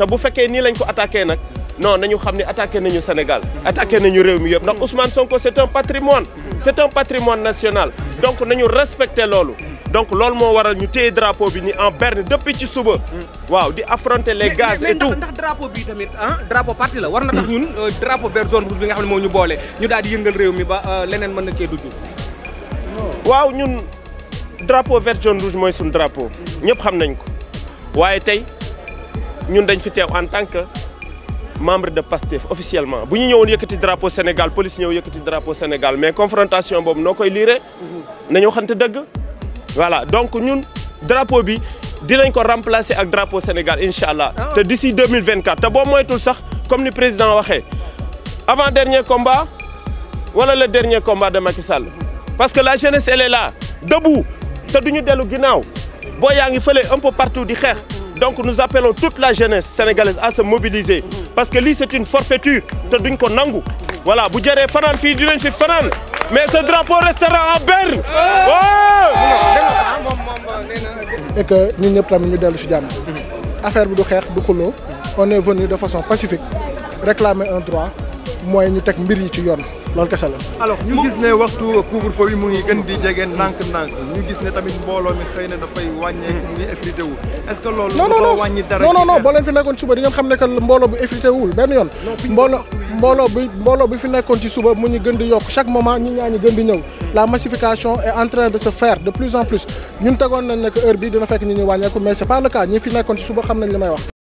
te bu fekkee nii lañ ko attaqué nag non nañu xam ne attaqué nañu Sénégal attaqué nañu réew mi yëpp ndax Ousmane Sonko c'est un patrimoine c'est un patrimoine national donc nañu respecté loolu donc loolu moo waral ñu téye drapeau bi ni en berne depuis ci suba. waaw di affronter les gaz et ndax drapeau bi tamit ah drapeau parti la war na ñun euh, drapeau vert bi nga xam ne moo ñu boole ñu daal di yëngal réew mi ba euh, leneen mën na cee dugg. waaw ñun drapeau vert zone rouge mooy suñu drapeau. ñëpp xam nañ ko waaye tey. ñun dañ fi teew en tant que membre de PASTEF officiellement bu ñu ñëwoon yëkkati drapeau Sénégal police ñëw yëkkati drapeau Sénégal mais confrontation boobu noo koy liire mhm. nañu waxante dëgg voilà donc ñun drapeau bi dinañ ko remplacer ak drapeau Sénégal incha allah ah te d'ici 2024 te boo moytul sax comme ni président waxee avant dernier combat wala le dernier combat de Macky Sall parce que la jeunesse elle est là debout te duñu dellu ginnaaw boo yaa ngi fële un peu di xeex donc nous appelons toute la jeunesse sénégalaise à se mobiliser parce que lii c'est une forfaiture te duñ ko nangu voilà bu jëree fanaan fii dinañ fi fanaan mais ce drapeau restera à Berne. et que ñun ñëpp tamit ñu dellu si jàmm. affaire bidu xeex du xuloo on est venu de façon pacifique réclamer un droit mooy ñu teg mbir yi ci yoon. loolu kese la. alors ñu gis ne waxtu couvre-feu bi mu ngi gën di jege ndànk-ndànk ñu gis ne tamit mbooloo mi xëy na dafay wàññeeku mu ngi effrité wu. est-ce que loolu. dafa wàññi dara non non non boo leen fi nekkoon suba di ngeen xam ne que mbooloo bu effrité wul benn yoon. mbooloo mbooloo bi mbooloo bi fi nekkoon ci suba mu ñu gën di yokk chaque moment ñi ñaa ñu gën di ñëw. la massification est en train de se faire de plus en plus ñun tegoon nañ ne que heure bi dina fekk ñu ñuy wàññeeku mais c'est pas le cas ñi fi nekkoon ci suba xam nañ li may wax